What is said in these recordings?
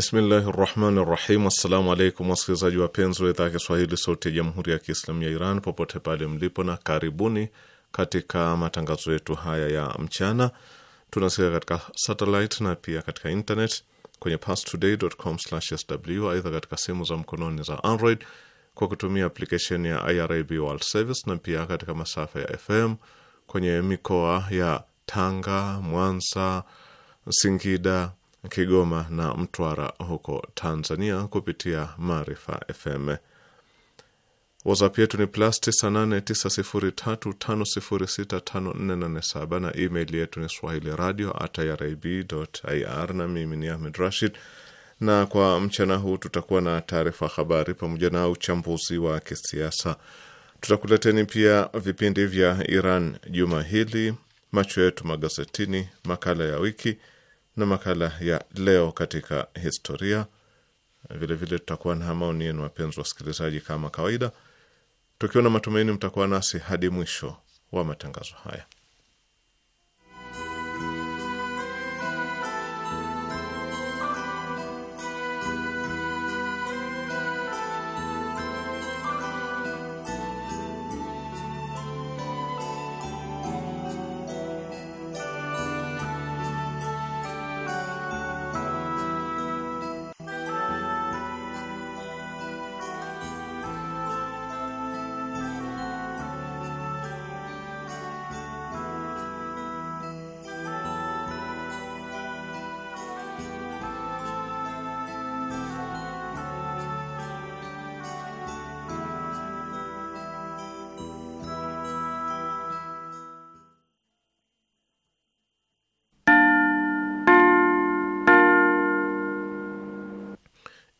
Bismillahi rahmani rahim. Assalamu alaikum wasikilizaji wapenzi wa idhaa ya Kiswahili sauti ya jamhuri ya Kiislamu ya Iran popote pale mlipo, na karibuni katika matangazo yetu haya ya mchana. Tunasikia katika satelit na pia katika internet kwenye pastoday.com/sw. Aidha, katika simu za mkononi za Android kwa kutumia aplikesheni ya IRIB World Service na pia katika masafa ya FM kwenye mikoa ya Tanga, Mwanza, Singida, Kigoma na Mtwara huko Tanzania kupitia Maarifa FM. WhatsApp yetu ni plus 989035065487 na email yetu ni swahili radio at irib ir, na mimi ni Ahmed Rashid. Na kwa mchana huu tutakuwa na taarifa habari pamoja na uchambuzi wa kisiasa. Tutakuleteni pia vipindi vya Iran juma hili, macho yetu magazetini, makala ya wiki na makala ya leo katika historia. Vilevile tutakuwa na maoni yenu, wapenzi wasikilizaji, kama kawaida, tukiwa na matumaini mtakuwa nasi hadi mwisho wa matangazo haya.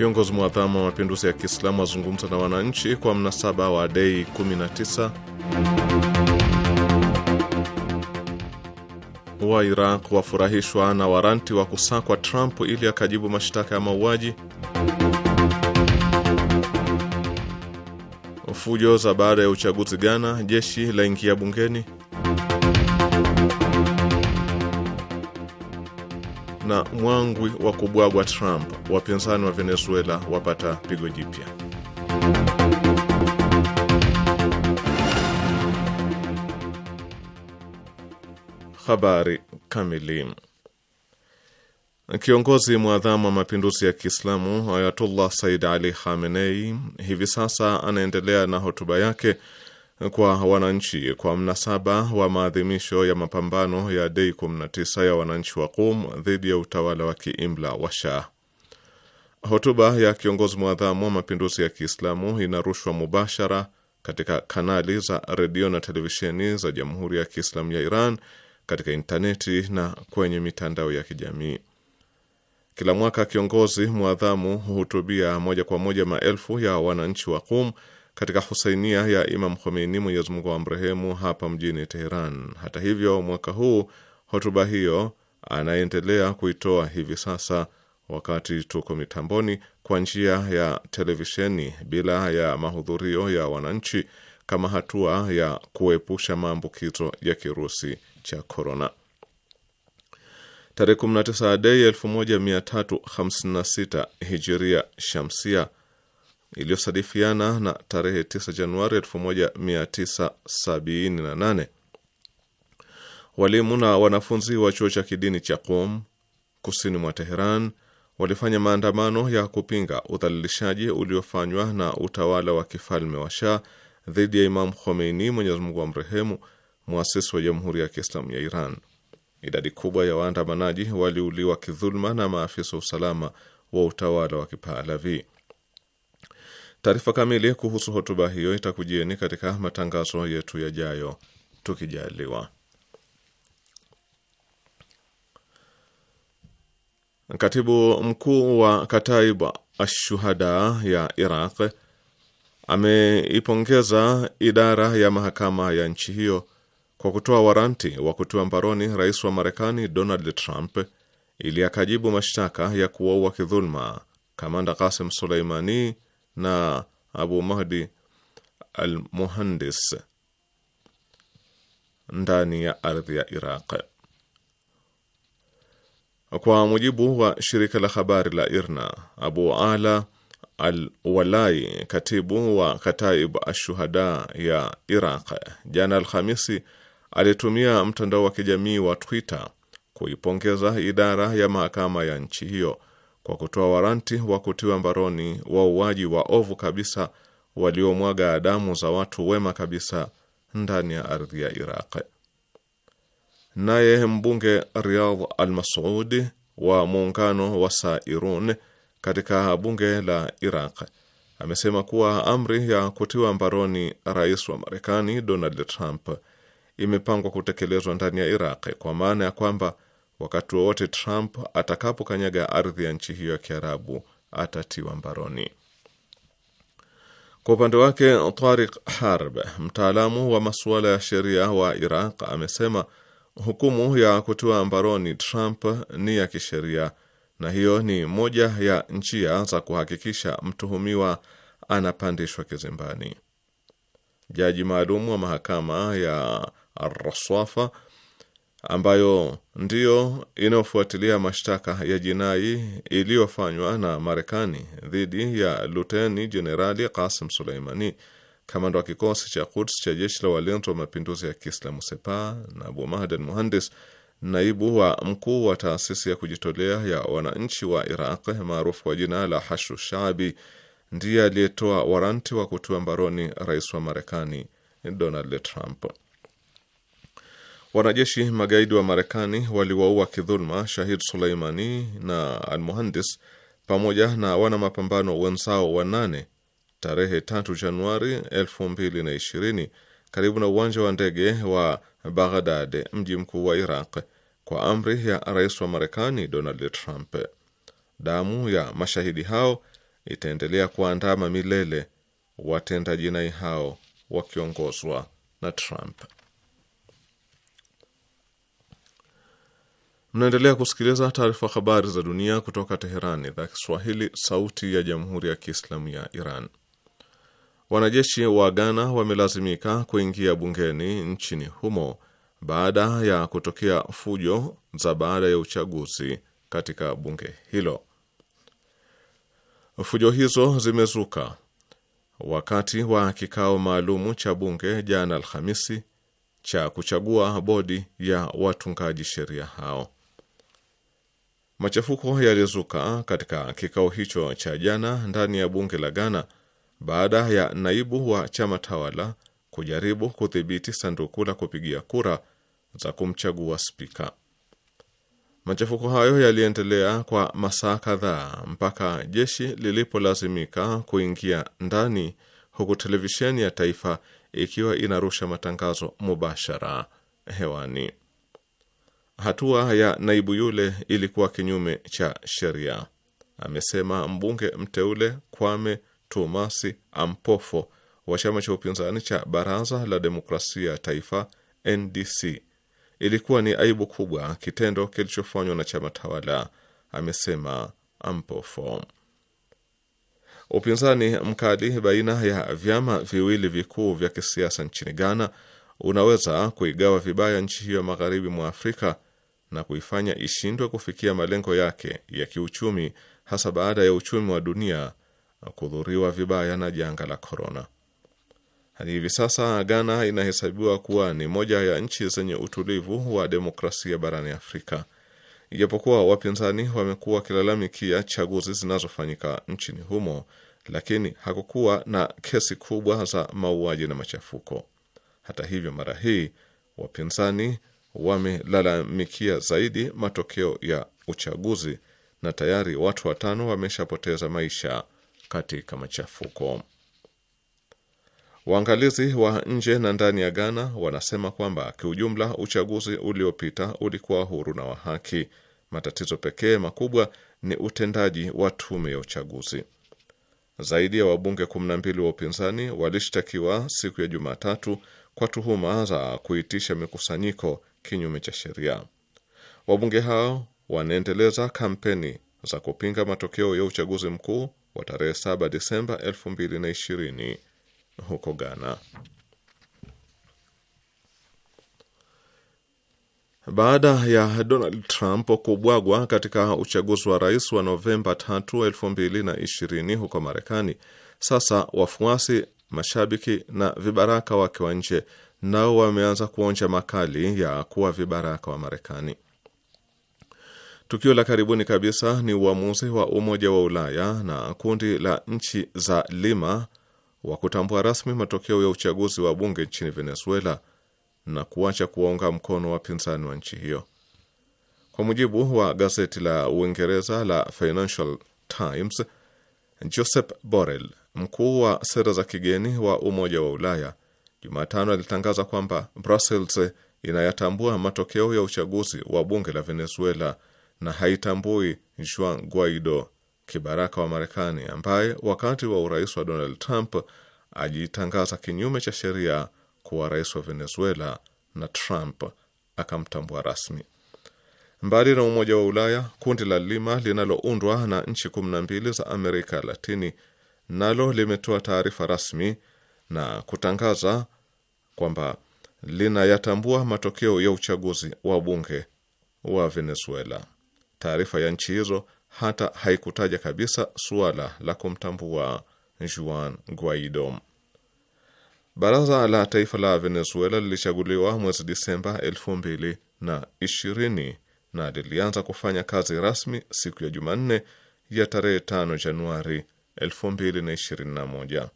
Kiongozi mwadhamu wa mapinduzi ya Kiislamu azungumza na wananchi kwa mnasaba wa dei 19 wa Iraq wafurahishwa na waranti wa kusakwa Trump ili akajibu mashtaka ya mauaji. Fujo za baada ya uchaguzi Ghana, jeshi laingia bungeni. na mwangwi wa kubwagwa Trump, wapinzani wa Venezuela wapata pigo jipya. Habari kamili. Kiongozi mwadhamu wa mapinduzi ya Kiislamu Ayatullah Said Ali Khamenei hivi sasa anaendelea na hotuba yake kwa wananchi kwa mnasaba wa maadhimisho ya mapambano ya Dei 19 ya wananchi wa Qum dhidi ya utawala wa kiimla wa Shah. Hotuba ya kiongozi mwadhamu wa mapinduzi ya Kiislamu inarushwa mubashara katika kanali za redio na televisheni za Jamhuri ya Kiislamu ya Iran, katika intaneti na kwenye mitandao ya kijamii. Kila mwaka kiongozi mwadhamu huhutubia moja kwa moja maelfu ya wananchi wa Qum katika husainia ya Imam Khomeini, Mwenyezi Mungu amrehemu, hapa mjini Teheran. Hata hivyo, mwaka huu hotuba hiyo anaendelea kuitoa hivi sasa wakati tuko mitamboni kwa njia ya televisheni bila ya mahudhurio ya wananchi kama hatua ya kuepusha maambukizo ya kirusi cha korona. Tarehe 19 Dei 1356 hijiria shamsia iliyosadifiana na tarehe 9 Januari 1978 walimu na wanafunzi wa chuo cha kidini cha Qom kusini mwa Teheran walifanya maandamano ya kupinga udhalilishaji uliofanywa na utawala wa kifalme wa Shah dhidi ya Imam Khomeini, Mwenyezi Mungu amrehemu, muasisi wa Jamhuri ya Kiislamu ya Iran. Idadi kubwa ya waandamanaji waliuliwa kidhuluma na maafisa usalama wa utawala wa Kipahlavi. Taarifa kamili kuhusu hotuba hiyo itakujieni katika matangazo yetu yajayo, tukijaliwa. Katibu mkuu wa Kataib Ashuhada ya Iraq ameipongeza idara ya mahakama ya nchi hiyo kwa kutoa waranti wa kutiwa mbaroni rais wa Marekani Donald Trump ili akajibu mashtaka ya kuwaua kidhuluma kamanda Qasim Suleimani na Abu Mahdi al-Muhandis ndani ya ardhi ya Iraq. Kwa mujibu wa shirika la habari la IRNA, Abu Ala al-Walai, katibu wa Kataib Ashuhada ya Iraq, jana Alhamisi alitumia mtandao wa kijamii wa Twitter kuipongeza idara ya mahakama ya nchi hiyo kwa kutoa waranti wa kutiwa mbaroni wauaji wa ovu kabisa waliomwaga damu za watu wema kabisa ndani ya ardhi ya Iraq. Naye mbunge Riyadh al-Masudi wa muungano wa Sairun katika bunge la Iraq amesema kuwa amri ya kutiwa mbaroni rais wa Marekani Donald Trump imepangwa kutekelezwa ndani ya Iraq kwa maana ya kwamba Wakati wowote Trump atakapokanyaga ardhi ya nchi hiyo ya Kiarabu atatiwa mbaroni. Kwa upande wake Tariq Harb, mtaalamu wa masuala ya sheria wa Iraq, amesema hukumu ya kutiwa mbaroni Trump ni ya kisheria na hiyo ni moja ya njia za kuhakikisha mtuhumiwa anapandishwa kizimbani. Jaji maalum wa mahakama ya Ar-Raswafa ambayo ndiyo inayofuatilia mashtaka ya jinai iliyofanywa na Marekani dhidi ya Luteni Jenerali Qasim Suleimani, kamanda wa kikosi cha Quds cha jeshi la walinzi wa mapinduzi ya Kiislamu Sepa, na Abu Mahden Muhandis, naibu wa mkuu wa taasisi ya kujitolea ya wananchi wa Iraq maarufu kwa jina la Hashu Shaabi, ndiye aliyetoa waranti wa kutiwa mbaroni rais wa Marekani Donald Trump. Wanajeshi magaidi wa Marekani waliwaua kidhulma Shahid Suleimani na Almuhandis pamoja na wana mapambano wenzao wanane tarehe 3 Januari 2020 karibu na uwanja wa ndege wa Baghdad, mji mkuu wa Iraq, kwa amri ya rais wa Marekani Donald Trump. Damu ya mashahidi hao itaendelea kuandama milele watenda jinai hao wakiongozwa na Trump. Mnaendelea kusikiliza taarifa habari za dunia kutoka Teherani, idhaa Kiswahili, sauti ya jamhuri ya kiislamu ya Iran. Wanajeshi wa Ghana wamelazimika kuingia bungeni nchini humo baada ya kutokea fujo za baada ya uchaguzi katika bunge hilo. Fujo hizo zimezuka wakati wa kikao maalum cha bunge jana Alhamisi cha kuchagua bodi ya watungaji sheria hao. Machafuko yalizuka katika kikao hicho cha jana ndani ya bunge la Ghana baada ya naibu wa chama tawala kujaribu kudhibiti sanduku la kupigia kura za kumchagua spika. Machafuko hayo yaliendelea kwa masaa kadhaa mpaka jeshi lilipolazimika kuingia ndani, huku televisheni ya taifa ikiwa inarusha matangazo mubashara hewani hatua ya naibu yule ilikuwa kinyume cha sheria, amesema mbunge mteule Kwame Tumasi Ampofo wa chama cha upinzani cha Baraza la Demokrasia ya Taifa NDC. Ilikuwa ni aibu kubwa kitendo kilichofanywa na chama tawala, amesema Ampofo. Upinzani mkali baina ya vyama viwili vikuu vya kisiasa nchini Ghana unaweza kuigawa vibaya nchi hiyo magharibi mwa Afrika na kuifanya ishindwe kufikia malengo yake ya kiuchumi, hasa baada ya uchumi wa dunia kudhuriwa vibaya na janga la korona. Hadi hivi sasa Ghana inahesabiwa kuwa ni moja ya nchi zenye utulivu wa demokrasia barani Afrika, ijapokuwa wapinzani wamekuwa wakilalamikia chaguzi zinazofanyika nchini humo, lakini hakukuwa na kesi kubwa za mauaji na machafuko. Hata hivyo, mara hii wapinzani wamelalamikia zaidi matokeo ya uchaguzi na tayari watu watano wameshapoteza maisha katika machafuko. Waangalizi wa nje na ndani ya Ghana wanasema kwamba kiujumla uchaguzi uliopita ulikuwa huru na wa haki. Matatizo pekee makubwa ni utendaji wa tume ya uchaguzi. Zaidi ya wabunge 12 wa upinzani walishtakiwa siku ya Jumatatu kwa tuhuma za kuitisha mikusanyiko kinyume cha sheria. Wabunge hao wanaendeleza kampeni za kupinga matokeo ya uchaguzi mkuu wa tarehe 7 Disemba 2020 huko Ghana. Baada ya Donald Trump kubwagwa katika uchaguzi wa rais wa Novemba 3, 2020 huko Marekani, sasa wafuasi, mashabiki na vibaraka wake wa nje nao wameanza kuonja makali ya kuwa vibaraka wa Marekani. Tukio la karibuni kabisa ni uamuzi wa Umoja wa Ulaya na kundi la nchi za Lima wa kutambua rasmi matokeo ya uchaguzi wa bunge nchini Venezuela na kuacha kuwaunga mkono wapinzani wa nchi hiyo. Kwa mujibu wa gazeti la Uingereza la Financial Times, Joseph Borrell, mkuu wa sera za kigeni wa Umoja wa Ulaya, Jumatano alitangaza kwamba Brussels inayatambua matokeo ya uchaguzi wa bunge la Venezuela na haitambui Juan Guaido, kibaraka wa Marekani ambaye wakati wa urais wa Donald Trump ajitangaza kinyume cha sheria kuwa rais wa Venezuela na Trump akamtambua rasmi. Mbali na Umoja wa Ulaya, kundi la Lima linaloundwa na nchi kumi na mbili za Amerika Latini nalo limetoa taarifa rasmi na kutangaza kwamba linayatambua matokeo ya uchaguzi wa bunge wa Venezuela. Taarifa ya nchi hizo hata haikutaja kabisa suala la kumtambua Juan Guaido. Baraza la Taifa la Venezuela lilichaguliwa mwezi Disemba 220 na lilianza kufanya kazi rasmi siku ya Jumanne ya tarehe 5 Januari 2021.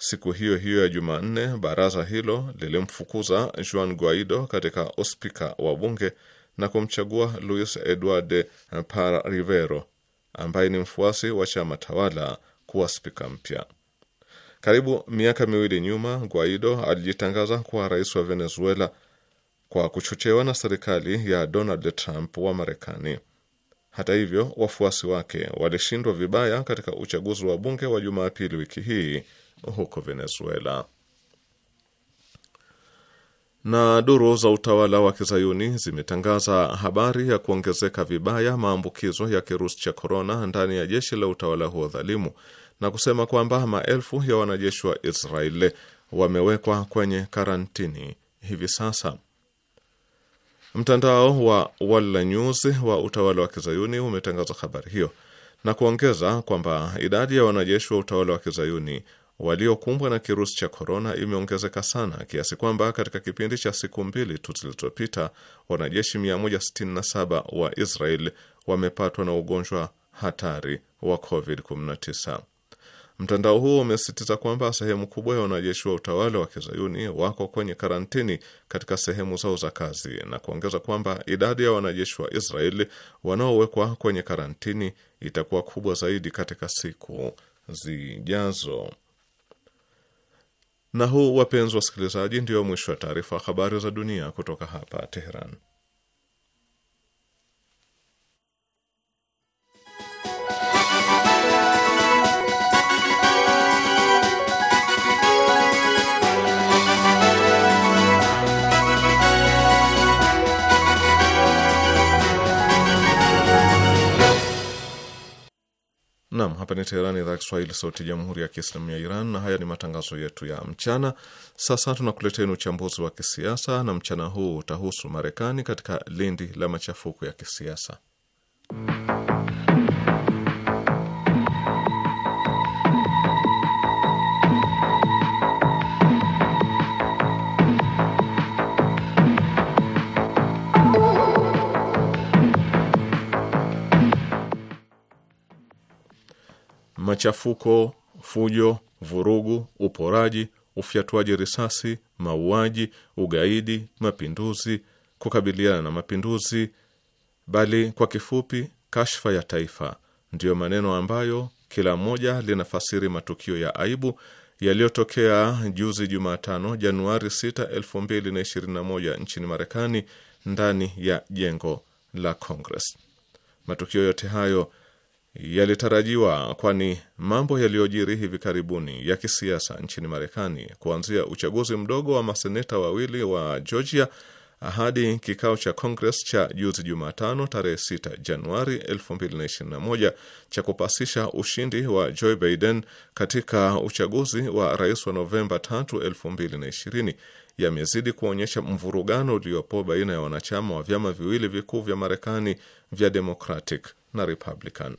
Siku hiyo hiyo ya Jumanne, baraza hilo lilimfukuza Juan Guaido katika uspika wa bunge na kumchagua Luis Eduardo Parrivero ambaye ni mfuasi wa chama tawala kuwa spika mpya. Karibu miaka miwili nyuma, Guaido alijitangaza kuwa rais wa Venezuela kwa kuchochewa na serikali ya Donald Trump wa Marekani. Hata hivyo, wafuasi wake walishindwa vibaya katika uchaguzi wa bunge wa Jumapili wiki hii huko Venezuela. Na duru za utawala wa kizayuni zimetangaza habari ya kuongezeka vibaya maambukizo ya kirusi cha korona ndani ya jeshi la utawala huo dhalimu na kusema kwamba maelfu ya wanajeshi wa Israeli wamewekwa kwenye karantini hivi sasa. Mtandao wa Walla News wa utawala wa kizayuni umetangaza habari hiyo na kuongeza kwamba idadi ya wanajeshi wa utawala wa kizayuni waliokumbwa na kirusi cha korona imeongezeka sana kiasi kwamba katika kipindi cha siku mbili tu zilizopita wanajeshi 167 wa Israel wamepatwa na ugonjwa hatari wa COVID-19. Mtandao huo umesisitiza kwamba sehemu kubwa ya wanajeshi wa utawala wa kizayuni wako kwenye karantini katika sehemu zao za kazi na kuongeza kwamba idadi ya wanajeshi wa Israeli wanaowekwa kwenye karantini itakuwa kubwa zaidi katika siku zijazo. Na huu, wapenzi wasikilizaji, ndio mwisho wa taarifa habari za dunia kutoka hapa Teheran. Naam, hapa ni Teherani, idhaa Kiswahili, sauti ya jamhuri ya kiislamu ya Iran, na haya ni matangazo yetu ya mchana. Sasa tunakuleteni uchambuzi wa kisiasa, na mchana huu utahusu Marekani katika lindi la machafuko ya kisiasa machafuko, fujo, vurugu, uporaji, ufyatuaji risasi, mauaji, ugaidi, mapinduzi, kukabiliana na mapinduzi, bali kwa kifupi, kashfa ya taifa, ndiyo maneno ambayo kila moja linafasiri matukio ya aibu yaliyotokea juzi Jumatano, Januari 6, 2021 nchini Marekani ndani ya jengo la Congress. Matukio yote hayo yalitarajiwa, kwani mambo yaliyojiri hivi karibuni ya kisiasa nchini Marekani, kuanzia uchaguzi mdogo wa maseneta wawili wa Georgia hadi kikao cha Congress cha juzi Jumatano tarehe 6 Januari 2021 cha kupasisha ushindi wa Joe Biden katika uchaguzi wa rais wa Novemba 3, 2020 yamezidi kuonyesha mvurugano uliopo baina ya wanachama wa vyama viwili vikuu vya Marekani vya Democratic na Republican.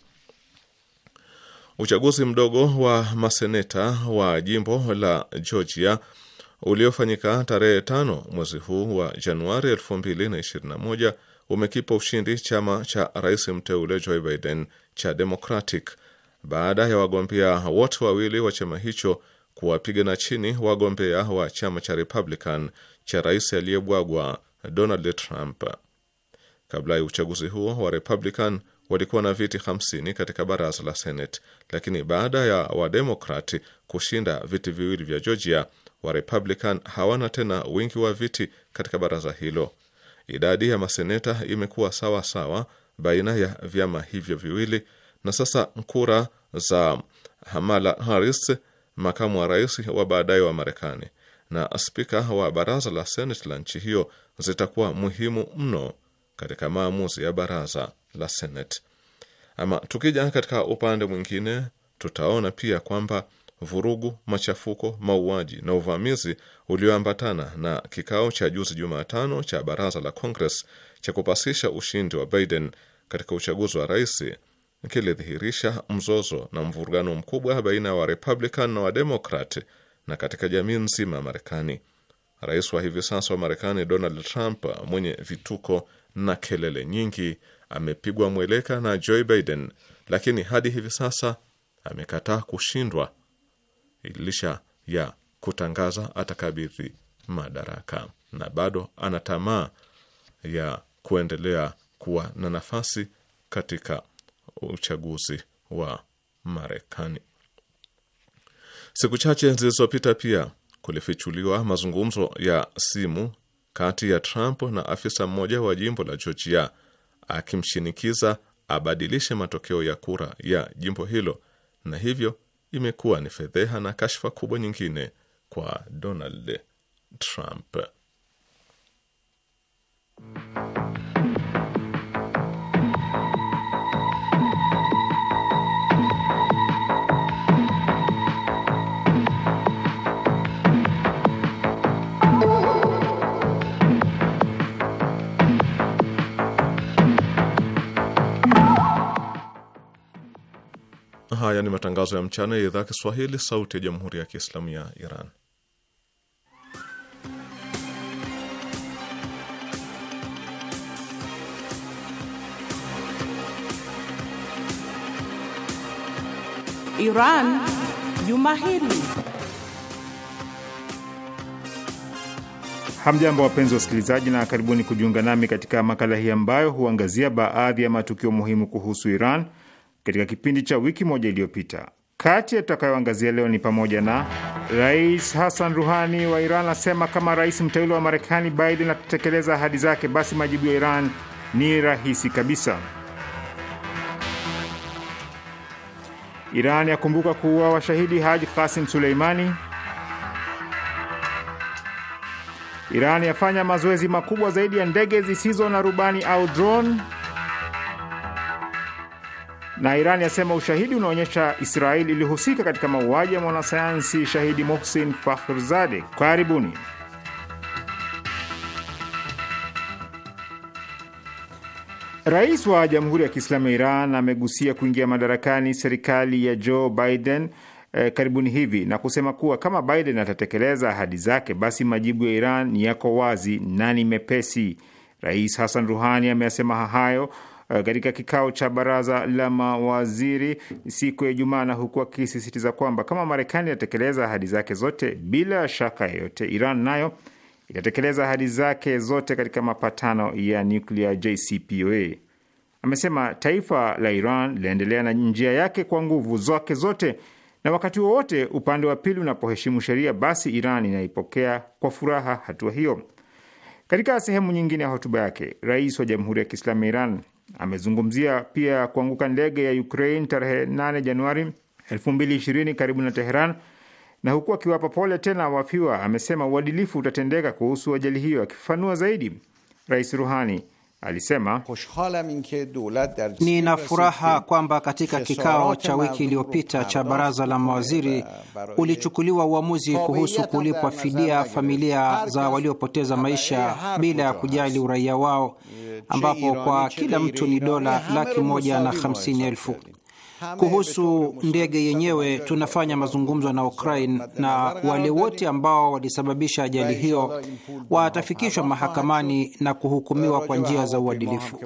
Uchaguzi mdogo wa maseneta wa jimbo la Georgia uliofanyika tarehe tano mwezi huu wa Januari 2021 umekipa ushindi chama cha rais mteule Joe Biden cha Democratic baada ya wagombea wote wawili wa chama hicho kuwapigana chini wagombea wa chama cha Republican cha rais aliyebwagwa Donald Trump. Kabla ya uchaguzi huo wa Republican walikuwa na viti 50 katika baraza la Senate, lakini baada ya Wademokrati kushinda viti viwili vya Georgia, Warepublican hawana tena wingi wa viti katika baraza hilo. Idadi ya maseneta imekuwa sawa sawa baina ya vyama hivyo viwili, na sasa kura za Kamala Harris, makamu wa rais wa baadaye wa Marekani, na spika wa baraza la Senate la nchi hiyo zitakuwa muhimu mno katika maamuzi ya baraza la Senate. Ama tukija katika upande mwingine, tutaona pia kwamba vurugu, machafuko, mauaji na uvamizi ulioambatana na kikao cha juzi Jumatano cha baraza la Congress cha kupasisha ushindi wa Biden katika uchaguzi wa rais kilidhihirisha mzozo na mvurugano mkubwa baina ya wa Republican na Wademokrat na katika jamii nzima ya Marekani. Rais wa hivi sasa wa Marekani Donald Trump mwenye vituko na kelele nyingi amepigwa mweleka na Joe Biden, lakini hadi hivi sasa amekataa kushindwa licha ya kutangaza atakabidhi madaraka, na bado ana tamaa ya kuendelea kuwa na nafasi katika uchaguzi wa Marekani. Siku chache zilizopita pia kulifichuliwa mazungumzo ya simu kati ya Trump na afisa mmoja wa jimbo la Georgia akimshinikiza abadilishe matokeo ya kura ya jimbo hilo, na hivyo imekuwa ni fedheha na kashfa kubwa nyingine kwa Donald Trump. haya ni matangazo ya mchana ya idhaa Kiswahili sauti ya jamhuri ya kiislamu ya Iran. Iran juma hili. Hamjambo, wapenzi wa wasikilizaji, na karibuni kujiunga nami katika makala hii ambayo huangazia baadhi ya matukio muhimu kuhusu Iran katika kipindi cha wiki moja iliyopita. Kati ya tutakayoangazia leo ni pamoja na Rais Hassan Ruhani wa Iran asema kama rais mteule wa Marekani Biden atatekeleza ahadi zake, basi majibu ya Iran ni rahisi kabisa. Iran yakumbuka kuua washahidi Haji Kasim Suleimani. Iran yafanya mazoezi makubwa zaidi ya ndege zisizo na rubani au drone na Iran yasema ushahidi unaonyesha israel ilihusika katika mauaji ya mwanasayansi shahidi Mohsin Fakhrizadeh. Karibuni. Rais wa Jamhuri ya Kiislamu ya Iran amegusia kuingia madarakani serikali ya Joe Biden eh, karibuni hivi na kusema kuwa kama Biden atatekeleza ahadi zake, basi majibu ya Iran ni yako wazi na ni mepesi. Rais Hassan Ruhani ameyasema hayo Eh, katika kikao cha baraza la mawaziri siku ya Ijumaa, na huku akisisitiza kwamba kama Marekani inatekeleza ahadi zake zote bila shaka yoyote, Iran nayo itatekeleza ahadi zake zote katika mapatano ya nuclear JCPOA. Amesema taifa la Iran linaendelea na njia yake kwa nguvu zake zote, na wakati wowote upande wa pili unapoheshimu sheria, basi Iran inaipokea kwa furaha hatua hiyo. Katika sehemu nyingine ya hotuba yake, rais wa Jamhuri ya Kiislamu ya Iran Amezungumzia pia kuanguka ndege ya Ukraine tarehe 8 Januari 2020 karibu na Teheran na huku akiwapa pole tena wafiwa, amesema uadilifu utatendeka kuhusu ajali hiyo. Akifafanua zaidi, Rais Ruhani Alisema, nina furaha kwamba katika kikao cha wiki iliyopita cha baraza la mawaziri ulichukuliwa uamuzi kuhusu kulipwa fidia familia za waliopoteza maisha bila ya kujali uraia wao, ambapo kwa kila mtu ni dola laki moja na hamsini elfu. Kuhusu ndege yenyewe, tunafanya mazungumzo na Ukraine na wale wote ambao walisababisha ajali hiyo watafikishwa mahakamani na kuhukumiwa kwa njia za uadilifu.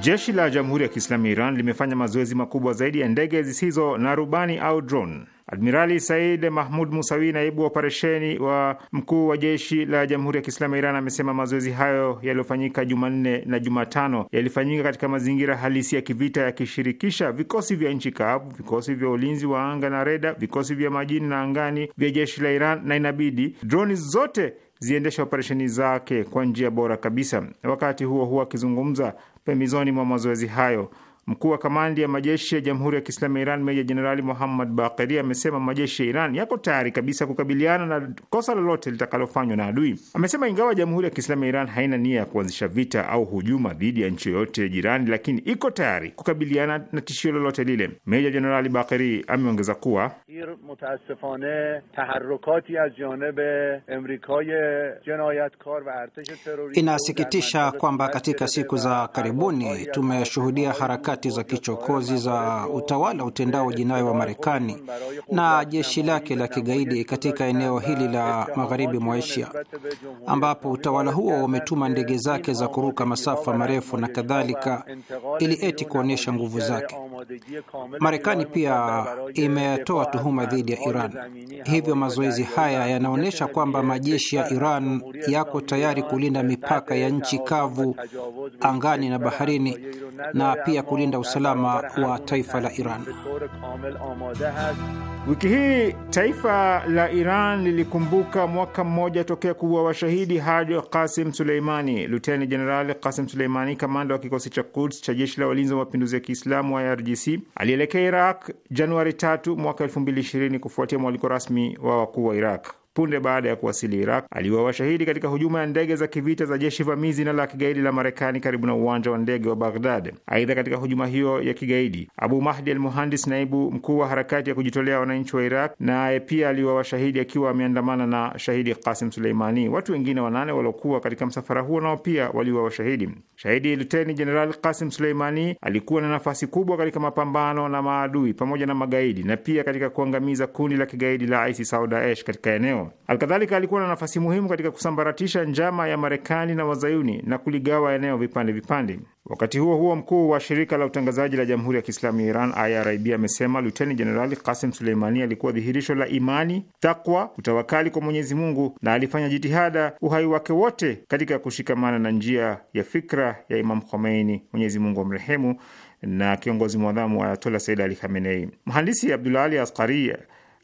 Jeshi la Jamhuri ya Kiislamu ya Iran limefanya mazoezi makubwa zaidi ya ndege zisizo na rubani au drone Admirali Said Mahmud Musawi, naibu wa operesheni wa mkuu wa jeshi la Jamhuri ya Kiislamu ya Iran, amesema mazoezi hayo yaliyofanyika Jumanne na Jumatano yalifanyika katika mazingira halisi ya kivita yakishirikisha vikosi vya nchi kavu, vikosi vya ulinzi wa anga na reda, vikosi vya majini na angani vya jeshi la Iran, na inabidi droni zote ziendesha operesheni zake kwa njia bora kabisa. Wakati huo huo, akizungumza pembezoni mwa mazoezi hayo Mkuu wa kamandi ya majeshi ya Jamhuri ya Kiislamu ya Iran Meja Jenerali Muhammad Baqeri amesema majeshi ya Iran yako tayari kabisa kukabiliana na kosa lolote litakalofanywa na adui. Amesema ingawa Jamhuri ya Kiislamu ya Iran haina nia ya kuanzisha vita au hujuma dhidi ya nchi yoyote ya jirani, lakini iko tayari kukabiliana na tishio lolote lile. Meja Jenerali Baqeri ameongeza kuwa inasikitisha kwamba katika siku za karibuni tumeshuhudia harakati harakati za kichokozi za utawala utendao jinai wa Marekani na jeshi lake la kigaidi katika eneo hili la magharibi mwa Asia, ambapo utawala huo umetuma ndege zake za kuruka masafa marefu na kadhalika, ili eti kuonyesha nguvu zake. Marekani pia imetoa tuhuma dhidi ya Iran. Hivyo mazoezi haya yanaonyesha kwamba majeshi ya Iran yako tayari kulinda mipaka ya nchi kavu, angani na baharini, na pia kulinda kulinda usalama wa taifa la Iran. Wiki hii taifa la Iran lilikumbuka mwaka mmoja tokea kuwa washahidi Haji Kasim Suleimani. Luteni Jenerali Kasim Suleimani, kamanda wa kikosi cha Kuds cha jeshi la walinzi wa mapinduzi ya Kiislamu IRGC, alielekea Iraq Januari 3 mwaka 2020 kufuatia mwaliko rasmi wa wakuu wa Iraq punde baada ya kuwasili Iraq, aliuawa shahidi katika hujuma ya ndege za kivita za jeshi vamizi na la kigaidi la Marekani karibu na uwanja wa ndege wa Baghdad. Aidha, katika hujuma hiyo ya kigaidi, Abu Mahdi al Muhandis, naibu mkuu wa harakati ya kujitolea wananchi wa Iraq, naye pia aliuawa shahidi akiwa ameandamana na shahidi kasim Suleimani. Watu wengine wanane waliokuwa katika msafara huo nao pia waliuawa shahidi. Shahidi Luteni Jenerali kasim Suleimani alikuwa na nafasi kubwa katika mapambano na maadui pamoja na magaidi na pia katika kuangamiza kundi la kigaidi la ISIS au Daesh katika eneo yao. Alkadhalika, alikuwa na nafasi muhimu katika kusambaratisha njama ya Marekani na Wazayuni na kuligawa eneo vipande vipande. Wakati huo huo, mkuu wa shirika la utangazaji la Jamhuri ya Kiislamu ya Iran IRIB amesema Luteni Jenerali Kasim Suleimani alikuwa dhihirisho la imani, takwa, utawakali kwa Mwenyezi Mungu na alifanya jitihada uhai wake wote katika kushikamana na njia ya fikra ya Imam Khomeini, Mwenyezi Mungu amrehemu, na kiongozi mwadhamu Ayatola Said Ali Khamenei. Mhandisi Abdulali Askari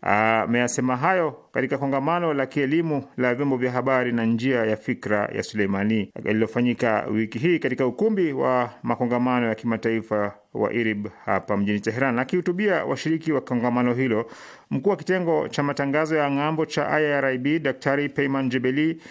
Ah, ameyasema hayo katika kongamano la kielimu la vyombo vya habari na njia ya fikra ya Suleimani lililofanyika wiki hii katika ukumbi wa makongamano ya kimataifa wa IRIB hapa mjini Teheran. Akihutubia washiriki wa kongamano hilo, mkuu wa kitengo cha matangazo ya ng'ambo cha IRIB Daktari Peyman Jebeli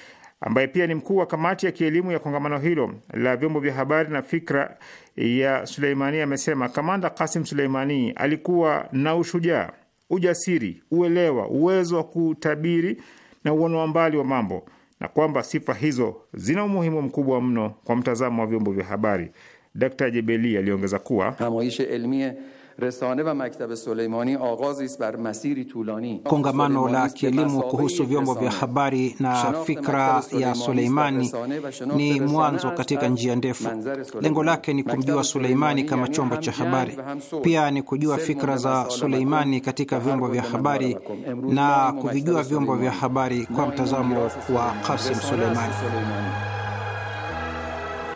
ambaye pia ni mkuu wa kamati ya kielimu ya kongamano hilo la vyombo vya habari na fikra ya Suleimani amesema kamanda Kasim Suleimani alikuwa na ushujaa ujasiri, uelewa, uwezo wa kutabiri na uono wa mbali wa mambo, na kwamba sifa hizo zina umuhimu mkubwa mno kwa mtazamo wa vyombo vya habari. Dkt Jebeli aliongeza kuwa Resane wa maktab Suleimani agazi ist bar masiri tulani. Kongamano la kielimu kuhusu vyombo vya habari na fikra ya Suleimani ni mwanzo katika njia ndefu. Lengo lake ni kumjua Suleimani kama chombo cha habari, pia ni kujua fikra za Suleimani katika vyombo vya habari na kuvijua vyombo vya habari kwa mtazamo wa Qasim Suleimani.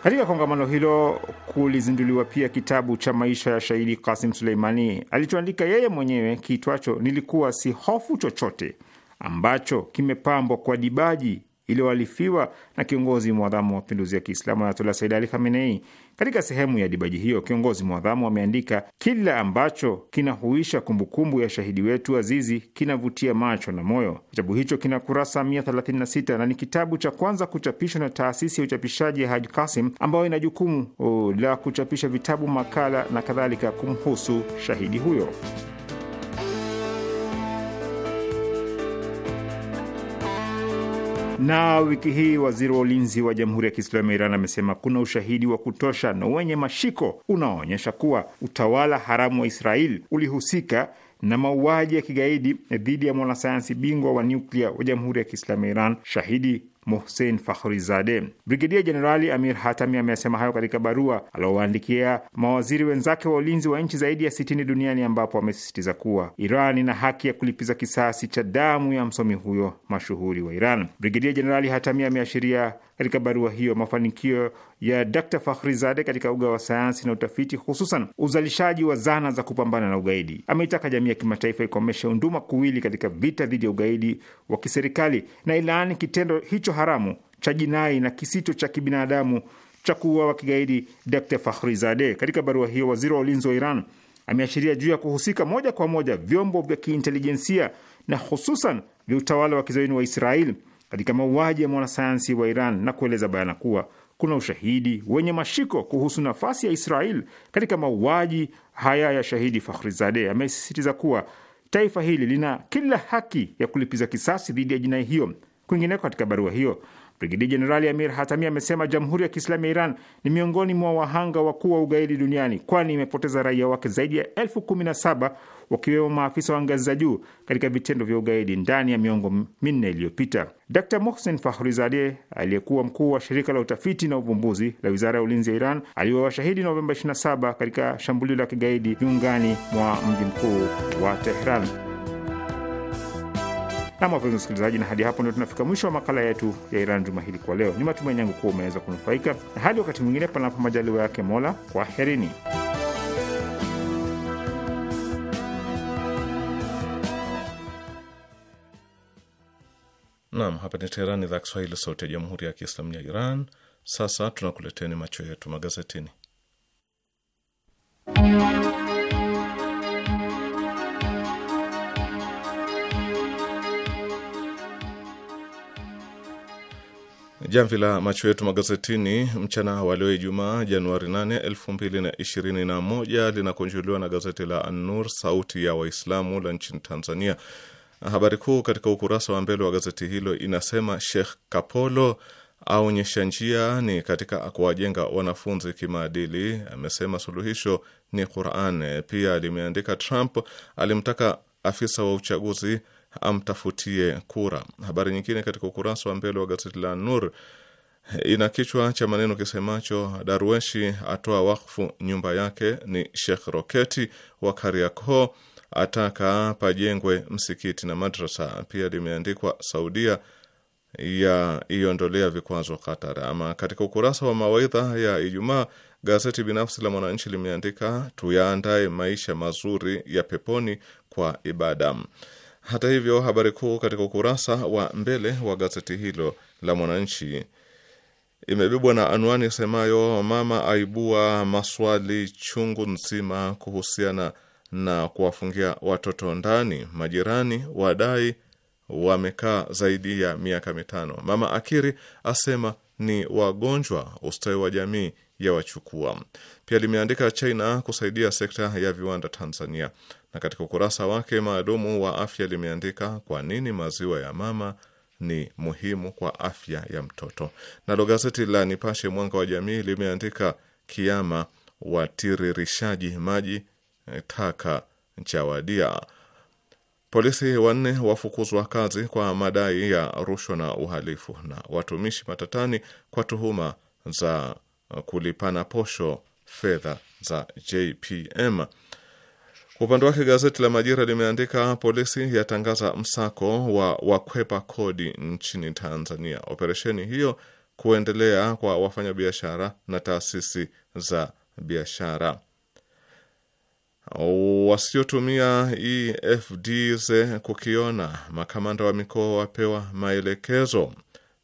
Katika kongamano hilo kulizinduliwa pia kitabu cha maisha ya shahidi Kasim Suleimani alichoandika yeye mwenyewe kiitwacho Nilikuwa si hofu chochote, ambacho kimepambwa kwa dibaji iliyoalifiwa na kiongozi mwadhamu wa mapinduzi ya Kiislamu Ayatollah Said Ali Khamenei. Katika sehemu ya dibaji hiyo, kiongozi mwadhamu ameandika, kila ambacho kinahuisha kumbukumbu ya shahidi wetu azizi kinavutia macho na moyo. Kitabu hicho kina kurasa 136 na ni kitabu cha kwanza kuchapishwa na taasisi ya uchapishaji ya Haji Kasim ambayo ina jukumu uh, la kuchapisha vitabu, makala na kadhalika kumhusu shahidi huyo. Na wiki hii waziri wa ulinzi wa Jamhuri ya Kiislamu ya Iran amesema kuna ushahidi wa kutosha na wenye mashiko unaoonyesha kuwa utawala haramu wa Israel ulihusika na mauaji ya kigaidi dhidi ya mwanasayansi bingwa wa nyuklia wa Jamhuri ya Kiislamu ya Iran shahidi Mohsen Fakhrizadeh. Brigedia Jenerali Amir Hatami amesema hayo katika barua aliowaandikia mawaziri wenzake wa ulinzi wa nchi zaidi ya sitini duniani ambapo amesisitiza kuwa Iran ina haki ya kulipiza kisasi cha damu ya msomi huyo mashuhuri wa Iran. Brigedia Jenerali Hatami ameashiria katika barua hiyo mafanikio ya Dr. Fakhrizade katika uga wa sayansi na utafiti, hususan uzalishaji wa zana za kupambana na ugaidi. Ameitaka jamii ya kimataifa ikomeshe unduma kuwili katika vita dhidi ya ugaidi wa kiserikali na ilaani kitendo hicho haramu cha jinai na kisicho cha kibinadamu cha kuuawa kigaidi Dr. Fakhrizade. Katika barua hiyo, waziri wa ulinzi wa Iran ameashiria juu ya kuhusika moja kwa moja vyombo vya kiintelijensia na hususan vya utawala wa kizayuni wa Israeli katika mauaji ya mwanasayansi wa Iran na kueleza bayana kuwa kuna ushahidi wenye mashiko kuhusu nafasi ya Israel katika mauaji haya ya shahidi Fakhrizadeh. Amesisitiza kuwa taifa hili lina kila haki ya kulipiza kisasi dhidi ya jinai hiyo. Kwingineko, katika barua hiyo Brigidi Jenerali Amir Hatami amesema Jamhuri ya Kiislamu ya Iran ni miongoni mwa wahanga wakuu wa ugaidi duniani, kwani imepoteza raia wake zaidi ya elfu kumi na saba wakiwemo maafisa wa ngazi za juu katika vitendo vya ugaidi ndani ya miongo minne iliyopita. Dr Mohsen Fakhrizadeh aliyekuwa mkuu wa shirika la utafiti na uvumbuzi la wizara ya ulinzi ya Iran shahidi Novemba 27 katika shambulio la kigaidi viungani mwa mji mkuu wa Tehran. Nam wapenzi msikilizaji, na hadi hapo ndio tunafika mwisho wa makala yetu ya Iran juma hili kwa leo. Ni matumaini yangu kuwa umeweza kunufaika, na hadi wakati mwingine, panapo majaliwa yake Mola, kwaherini. Nam, hapa ni Teherani, idhaa Kiswahili, sauti ya jamhuri ya kiislamu ya Iran. Sasa tunakuleteni macho yetu magazetini Jamvi la macho yetu magazetini mchana wa leo Ijumaa, Januari 8, 2021 linakunjuliwa na gazeti la An-Nur sauti ya Waislamu la nchini Tanzania. Habari kuu katika ukurasa wa mbele wa gazeti hilo inasema Sheikh Kapolo aonyesha njia ni katika kuwajenga wanafunzi kimaadili. Amesema suluhisho ni Quran. Pia limeandika Trump alimtaka afisa wa uchaguzi amtafutie kura. Habari nyingine katika ukurasa wa mbele wa gazeti la Nur ina kichwa cha maneno kisemacho Darweshi atoa wakfu nyumba yake ni Shekh Roketi wa Kariakoo, ataka pajengwe msikiti na madrasa. Pia limeandikwa Saudia ya iondolea vikwazo Qatar. Ama katika ukurasa wa mawaidha ya Ijumaa, gazeti binafsi la Mwananchi limeandika tuyaandae maisha mazuri ya peponi kwa ibada. Hata hivyo, habari kuu katika ukurasa wa mbele wa gazeti hilo la Mwananchi imebebwa na anwani semayo mama aibua maswali chungu nzima kuhusiana na kuwafungia watoto ndani, majirani wadai wamekaa zaidi ya miaka mitano. Mama akiri asema ni wagonjwa, ustawi wa jamii ya wachukua. Pia limeandika China kusaidia sekta ya viwanda Tanzania na katika ukurasa wake maalumu wa afya limeandika kwa nini maziwa ya mama ni muhimu kwa afya ya mtoto. Nalo gazeti la Nipashe Mwanga wa Jamii limeandika kiama watiririshaji maji eh, taka chawadia, polisi wanne wafukuzwa kazi kwa madai ya rushwa na uhalifu, na watumishi matatani kwa tuhuma za kulipana posho fedha za JPM. Kwa upande wake gazeti la Majira limeandika polisi yatangaza msako wa wakwepa kodi nchini Tanzania. Operesheni hiyo kuendelea kwa wafanyabiashara na taasisi za biashara. Wasiotumia EFDs kukiona, makamanda wa mikoa wapewa maelekezo.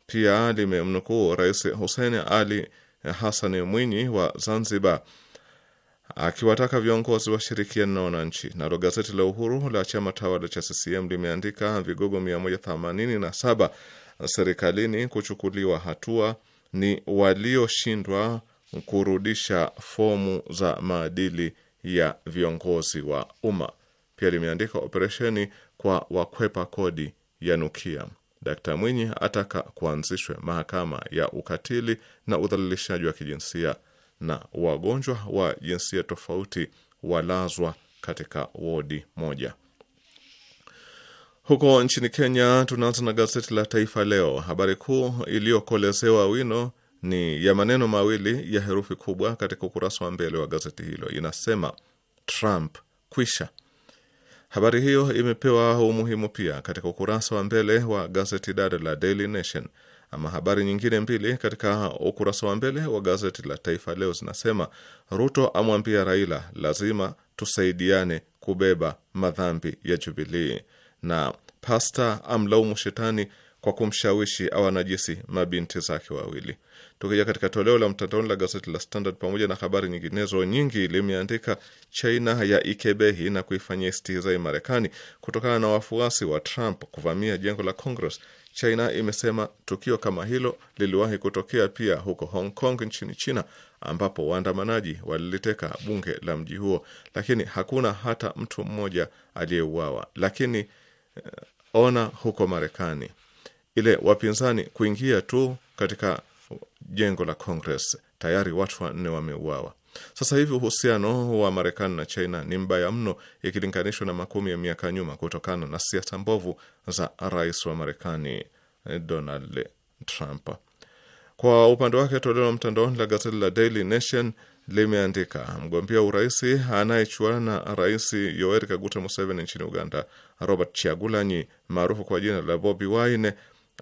Pia limemnukuu Rais Hussein Ali Hassan Mwinyi wa Zanzibar akiwataka viongozi washirikiane na wananchi. Nalo gazeti la Uhuru la chama tawala cha CCM limeandika vigogo 187 serikalini kuchukuliwa hatua ni walioshindwa kurudisha fomu za maadili ya viongozi wa umma. Pia limeandika operesheni kwa wakwepa kodi ya nukia. Dkt Mwinyi ataka kuanzishwe mahakama ya ukatili na udhalilishaji wa kijinsia na wagonjwa wa jinsia tofauti walazwa katika wodi moja. Huko nchini Kenya, tunaanza na gazeti la Taifa Leo. Habari kuu iliyokolezewa wino ni ya maneno mawili ya herufi kubwa katika ukurasa wa mbele wa gazeti hilo, inasema Trump kwisha. Habari hiyo imepewa umuhimu pia katika ukurasa wa mbele wa gazeti dada la Daily Nation ama habari nyingine mbili katika ukurasa wa mbele wa gazeti la Taifa Leo zinasema Ruto amwambia Raila lazima tusaidiane kubeba madhambi ya Jubilii, na pasta amlaumu shetani kwa kumshawishi awanajisi mabinti zake wawili. Tukija katika toleo la mtandaoni la gazeti la Standard pamoja na habari nyinginezo nyingi, limeandika China ya ikebehi na kuifanyia istihizai Marekani kutokana na wafuasi wa Trump kuvamia jengo la Congress. China imesema tukio kama hilo liliwahi kutokea pia huko Hong Kong nchini China, ambapo waandamanaji waliliteka bunge la mji huo, lakini hakuna hata mtu mmoja aliyeuawa. Lakini eh, ona huko Marekani, ile wapinzani kuingia tu katika jengo la Congress tayari watu wanne wameuawa. Sasa hivi uhusiano wa Marekani na China ni mbaya mno ikilinganishwa na makumi ya miaka nyuma kutokana na siasa mbovu za rais wa Marekani eh, Donald Trump. Kwa upande wake, toleo la mtandaoni la gazeti la Daily Nation limeandika mgombea uraisi anayechuana na rais Yoweri Kaguta Museveni nchini Uganda, Robert Chiagulanyi maarufu kwa jina la Bobi Wine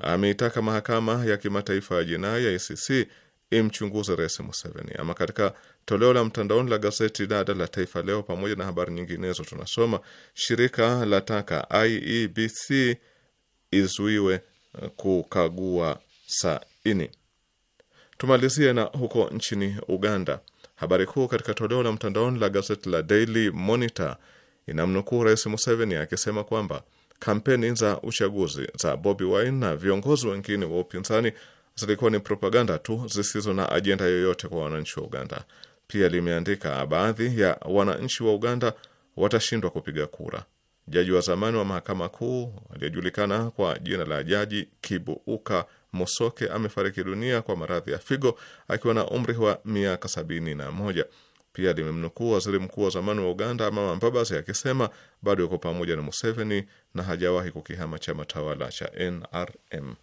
ameitaka mahakama ya kimataifa ya jinai ya ICC imchunguze rais Museveni. Ama katika Toleo la mtandaoni la gazeti dada la Taifa Leo pamoja na habari nyinginezo tunasoma shirika la taka IEBC izuiwe eh, kukagua saini. Tumalizie na huko nchini Uganda. Habari kuu katika toleo la mtandaoni la gazeti la Daily Monitor inamnukuu Rais Museveni akisema kwamba kampeni za uchaguzi za Bobi Wine na viongozi wengine wa upinzani zilikuwa ni propaganda tu zisizo na ajenda yoyote kwa wananchi wa Uganda. Pia limeandika baadhi ya wananchi wa Uganda watashindwa kupiga kura. Jaji wa zamani wa mahakama kuu aliyejulikana kwa jina la Jaji Kibuuka Mosoke amefariki dunia kwa maradhi ya figo akiwa na umri wa miaka sabini na moja. Pia limemnukuu waziri mkuu wa zamani wa Uganda Mama Mbabazi akisema bado yuko pamoja na Museveni na hajawahi kukihama chama tawala cha NRM.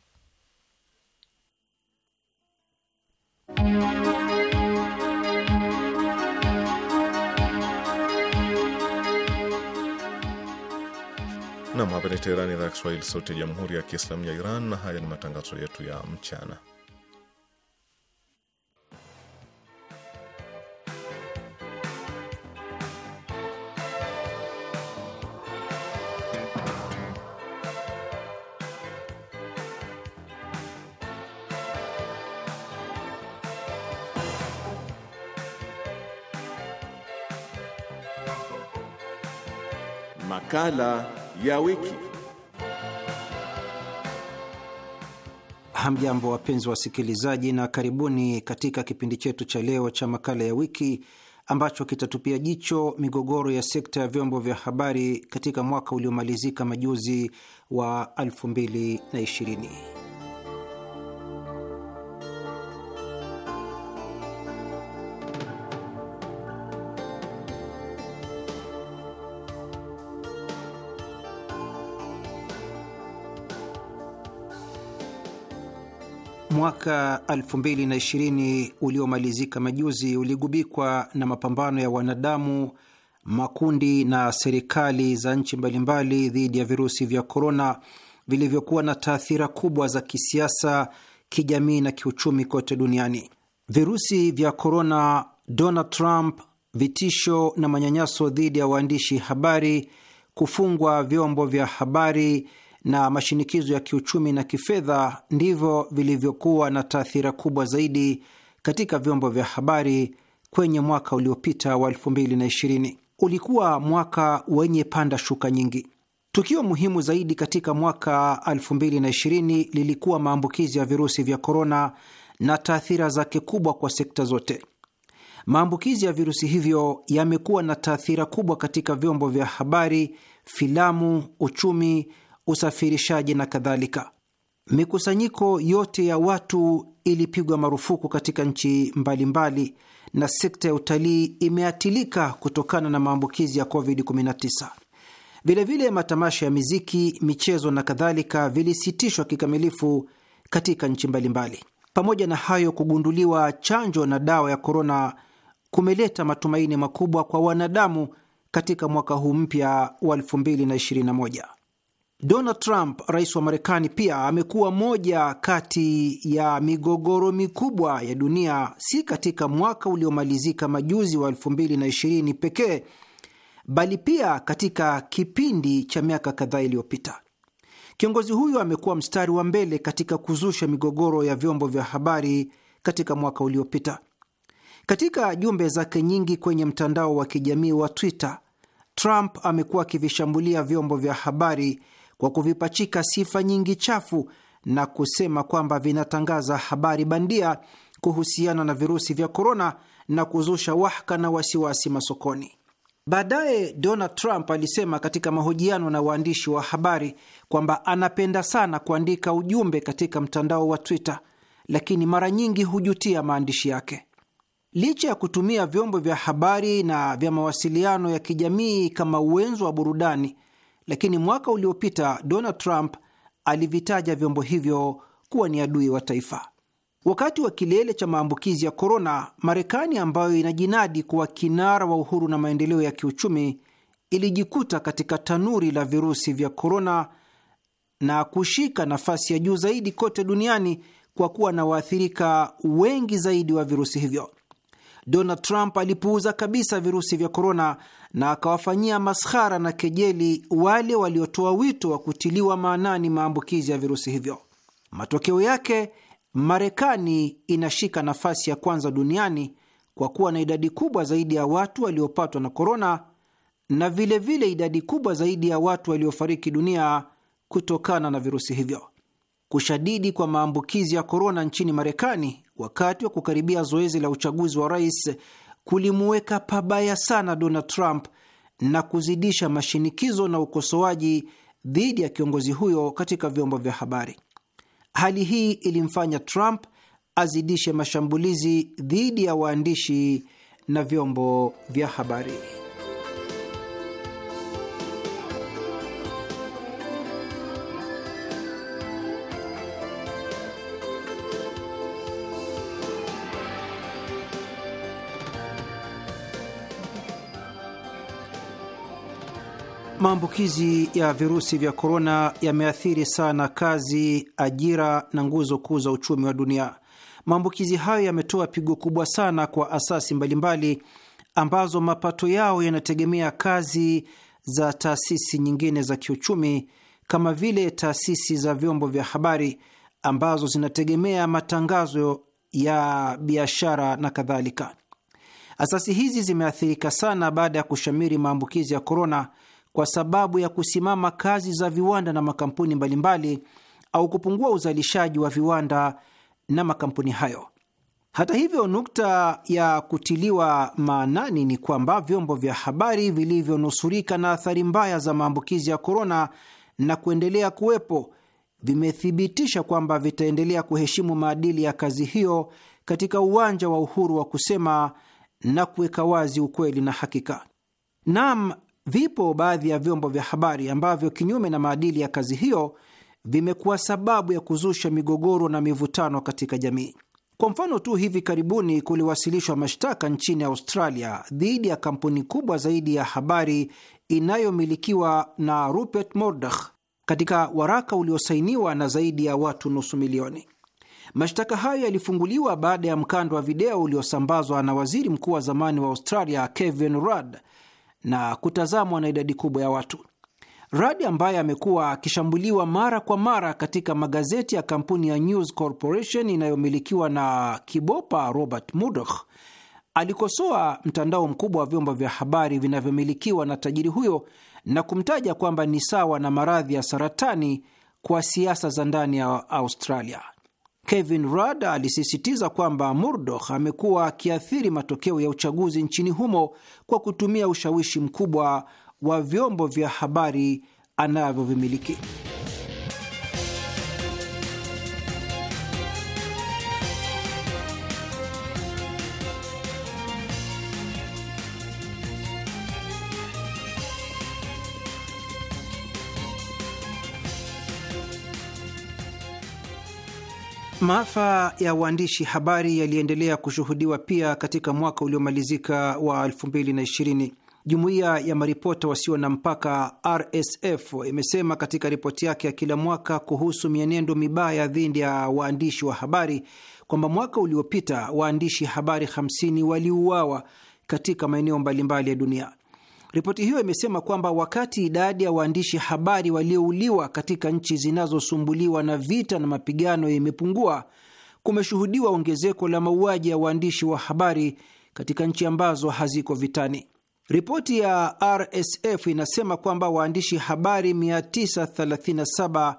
Nam, hapa ni Teherani, idhaa ya Kiswahili, sauti ya jamhuri ya kiislamu ya Iran, na haya ni matangazo yetu ya mchana. Makala ya wiki. Hamjambo, wapenzi wasikilizaji, na karibuni katika kipindi chetu cha leo cha makala ya wiki ambacho kitatupia jicho migogoro ya sekta ya vyombo vya habari katika mwaka uliomalizika majuzi wa 2020. Mwaka 2020 uliomalizika majuzi uligubikwa na mapambano ya wanadamu, makundi na serikali za nchi mbalimbali dhidi ya virusi vya korona vilivyokuwa na taathira kubwa za kisiasa, kijamii na kiuchumi kote duniani. Virusi vya korona, Donald Trump, vitisho na manyanyaso dhidi ya waandishi habari, kufungwa vyombo vya habari na mashinikizo ya kiuchumi na kifedha ndivyo vilivyokuwa na taathira kubwa zaidi katika vyombo vya habari kwenye mwaka uliopita wa 2020. Ulikuwa mwaka wenye panda shuka nyingi. Tukio muhimu zaidi katika mwaka 2020 lilikuwa maambukizi ya virusi vya korona na taathira zake kubwa kwa sekta zote. Maambukizi ya virusi hivyo yamekuwa na taathira kubwa katika vyombo vya habari, filamu, uchumi usafirishaji na kadhalika. Mikusanyiko yote ya watu ilipigwa marufuku katika nchi mbalimbali mbali, na sekta ya utalii imeatilika kutokana na maambukizi ya COVID-19. Vilevile, matamasha ya miziki, michezo na kadhalika vilisitishwa kikamilifu katika nchi mbalimbali. Pamoja na hayo, kugunduliwa chanjo na dawa ya korona kumeleta matumaini makubwa kwa wanadamu katika mwaka huu mpya wa 2021. Donald Trump, rais wa Marekani, pia amekuwa moja kati ya migogoro mikubwa ya dunia, si katika mwaka uliomalizika majuzi wa 2020 pekee, bali pia katika kipindi cha miaka kadhaa iliyopita. Kiongozi huyu amekuwa mstari wa mbele katika kuzusha migogoro ya vyombo vya habari katika mwaka uliopita. Katika jumbe zake nyingi kwenye mtandao wa kijamii wa Twitter, Trump amekuwa akivishambulia vyombo vya habari kwa kuvipachika sifa nyingi chafu na kusema kwamba vinatangaza habari bandia kuhusiana na virusi vya korona na kuzusha wahaka na wasiwasi masokoni. Baadaye Donald Trump alisema katika mahojiano na waandishi wa habari kwamba anapenda sana kuandika ujumbe katika mtandao wa Twitter, lakini mara nyingi hujutia maandishi yake. Licha ya kutumia vyombo vya habari na vya mawasiliano ya kijamii kama uwenzo wa burudani, lakini mwaka uliopita Donald Trump alivitaja vyombo hivyo kuwa ni adui wa taifa. Wakati wa kilele cha maambukizi ya korona, Marekani ambayo inajinadi kuwa kinara wa uhuru na maendeleo ya kiuchumi ilijikuta katika tanuri la virusi vya korona na kushika nafasi ya juu zaidi kote duniani kwa kuwa na waathirika wengi zaidi wa virusi hivyo. Donald Trump alipuuza kabisa virusi vya korona na akawafanyia maskhara na kejeli wale waliotoa wito wa kutiliwa maanani maambukizi ya virusi hivyo. Matokeo yake, Marekani inashika nafasi ya kwanza duniani kwa kuwa na idadi kubwa zaidi ya watu waliopatwa na korona na vilevile vile idadi kubwa zaidi ya watu waliofariki dunia kutokana na virusi hivyo. Kushadidi kwa maambukizi ya korona nchini Marekani wakati wa kukaribia zoezi la uchaguzi wa rais kulimuweka pabaya sana Donald Trump na kuzidisha mashinikizo na ukosoaji dhidi ya kiongozi huyo katika vyombo vya habari. Hali hii ilimfanya Trump azidishe mashambulizi dhidi ya waandishi na vyombo vya habari. Maambukizi ya virusi vya korona yameathiri sana kazi, ajira na nguzo kuu za uchumi wa dunia. Maambukizi hayo yametoa pigo kubwa sana kwa asasi mbalimbali ambazo mapato yao yanategemea kazi za taasisi nyingine za kiuchumi kama vile taasisi za vyombo vya habari ambazo zinategemea matangazo ya biashara na kadhalika. Asasi hizi zimeathirika sana baada ya kushamiri maambukizi ya korona kwa sababu ya kusimama kazi za viwanda na makampuni mbalimbali au kupungua uzalishaji wa viwanda na makampuni hayo. Hata hivyo, nukta ya kutiliwa maanani ni kwamba vyombo vya habari vilivyonusurika na athari mbaya za maambukizi ya korona na kuendelea kuwepo vimethibitisha kwamba vitaendelea kuheshimu maadili ya kazi hiyo katika uwanja wa uhuru wa kusema na kuweka wazi ukweli na hakika. Naam, Vipo baadhi ya vyombo vya habari ambavyo kinyume na maadili ya kazi hiyo vimekuwa sababu ya kuzusha migogoro na mivutano katika jamii. Kwa mfano tu, hivi karibuni kuliwasilishwa mashtaka nchini Australia dhidi ya kampuni kubwa zaidi ya habari inayomilikiwa na Rupert Murdoch katika waraka uliosainiwa na zaidi ya watu nusu milioni. Mashtaka hayo yalifunguliwa baada ya mkando wa video uliosambazwa na waziri mkuu wa zamani wa Australia Kevin Rudd na kutazamwa na idadi kubwa ya watu. Radi ambaye amekuwa akishambuliwa mara kwa mara katika magazeti ya kampuni ya News Corporation inayomilikiwa na kibopa Robert Murdoch alikosoa mtandao mkubwa wa vyombo vya habari vinavyomilikiwa na tajiri huyo na kumtaja kwamba ni sawa na maradhi ya saratani kwa siasa za ndani ya Australia. Kevin Rudd alisisitiza kwamba Murdoch amekuwa akiathiri matokeo ya uchaguzi nchini humo kwa kutumia ushawishi mkubwa wa vyombo vya habari anavyovimiliki. Maafa ya waandishi habari yaliendelea kushuhudiwa pia katika mwaka uliomalizika wa 2020. Jumuiya ya maripota wasio na mpaka RSF imesema katika ripoti yake ya kila mwaka kuhusu mienendo mibaya dhidi ya waandishi wa habari kwamba mwaka uliopita waandishi habari 50 waliuawa katika maeneo mbalimbali ya dunia. Ripoti hiyo imesema kwamba wakati idadi ya waandishi habari waliouliwa katika nchi zinazosumbuliwa na vita na mapigano imepungua, kumeshuhudiwa ongezeko la mauaji ya waandishi wa habari katika nchi ambazo haziko vitani. Ripoti ya RSF inasema kwamba waandishi habari 937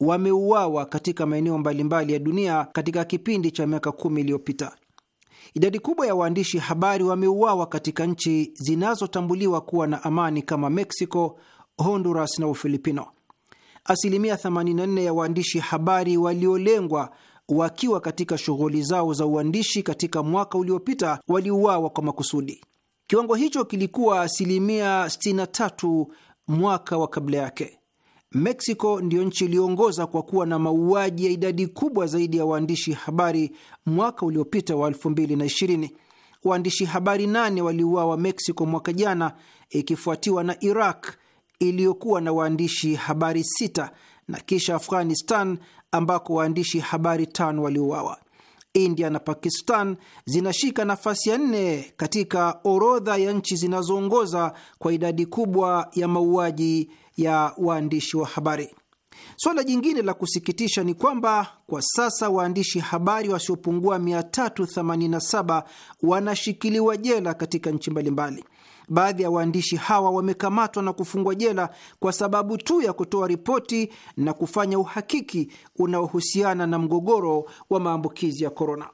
wameuawa katika maeneo mbalimbali ya dunia katika kipindi cha miaka kumi iliyopita. Idadi kubwa ya waandishi habari wameuawa katika nchi zinazotambuliwa kuwa na amani kama Mexico, Honduras na Ufilipino. Asilimia 84 ya waandishi habari waliolengwa wakiwa katika shughuli zao za uandishi katika mwaka uliopita waliuawa kwa makusudi. Kiwango hicho kilikuwa asilimia 63 mwaka wa kabla yake. Mexico ndiyo nchi iliyoongoza kwa kuwa na mauaji ya idadi kubwa zaidi ya waandishi habari mwaka uliopita wa 2020. Waandishi habari nane waliuawa Mexico mwaka jana, ikifuatiwa na Iraq iliyokuwa na waandishi habari sita na kisha Afghanistan ambako waandishi habari tano waliuawa. India na Pakistan zinashika nafasi ya nne katika orodha ya nchi zinazoongoza kwa idadi kubwa ya mauaji ya waandishi wa habari. Suala jingine la kusikitisha ni kwamba kwa sasa waandishi habari wasiopungua 387 wanashikiliwa jela katika nchi mbalimbali. Baadhi ya waandishi hawa wamekamatwa na kufungwa jela kwa sababu tu ya kutoa ripoti na kufanya uhakiki unaohusiana na mgogoro wa maambukizi ya korona.